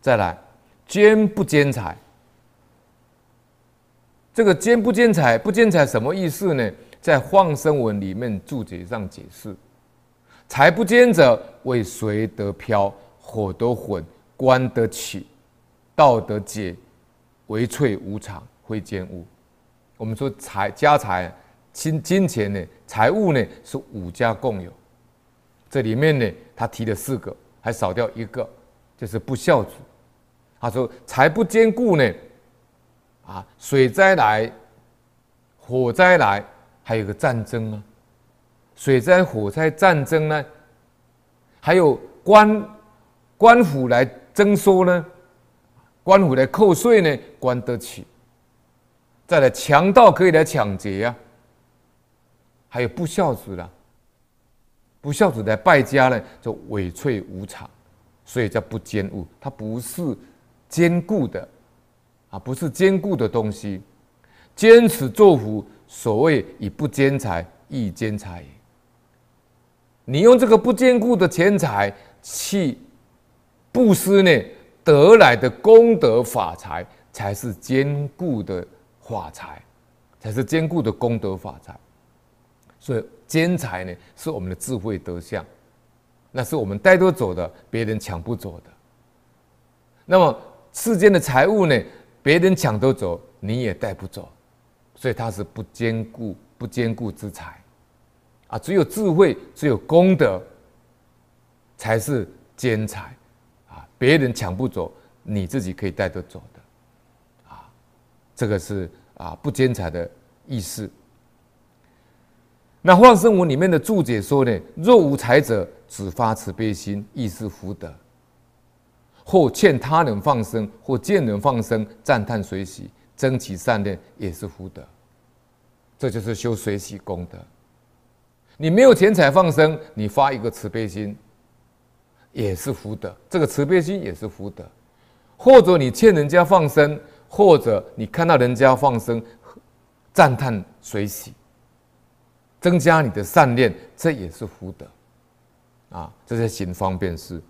再來，慳不慳財？這個慳不慳財，不慳財什麼意思呢？在《放生文》裡面注解上解釋：財不堅者，為水得漂，火得混，官得起，道得解，唯脆無常，會兼物。我們說財家財、金金錢呢，財物呢是五家共有。這裡面呢，他提了四個，還少掉一個，就是不孝子。他說：“財不堅固呢，啊，水災來，火災來，還有個戰爭啊，水災、火災、戰爭呢，還有官官府來徵收呢，官府來扣稅呢，官得起。再來強盜可以來搶劫呀、啊，還有不孝子了、啊，不孝子來敗家呢，就危脆無常，所以叫不堅固。他不是。”堅固的啊，不是堅固的東西。堅持做福，所謂以不堅財易堅財也。你用這個不堅固的錢財去布施呢，內得來的功德法財才是堅固的法財，才是堅固的功德法財。所以堅財呢，是我們的智慧德相，那是我們帶多走的，別人搶不走的。那麼，世間的財物呢，別人搶都走，你也帶不走，所以它是不堅固、不堅固之財啊。只有智慧，只有功德，才是堅財啊。別人搶不走，你自己可以帶得走的啊。這個是啊，不堅財的意思。那《放生文》裡面的注解說呢：“若無財者，只發慈悲心，亦是福德。”或勸他人放生，或見人放生讚歎隨喜，增其善念也是福德。這就是修隨喜功德。你沒有錢財放生，你發一個慈悲心，也是福德。這個慈悲心也是福德。或者你勸人家放生，或者你看到人家放生讚歎隨喜，增加你的善念，這也是福德。啊，這些行方便事。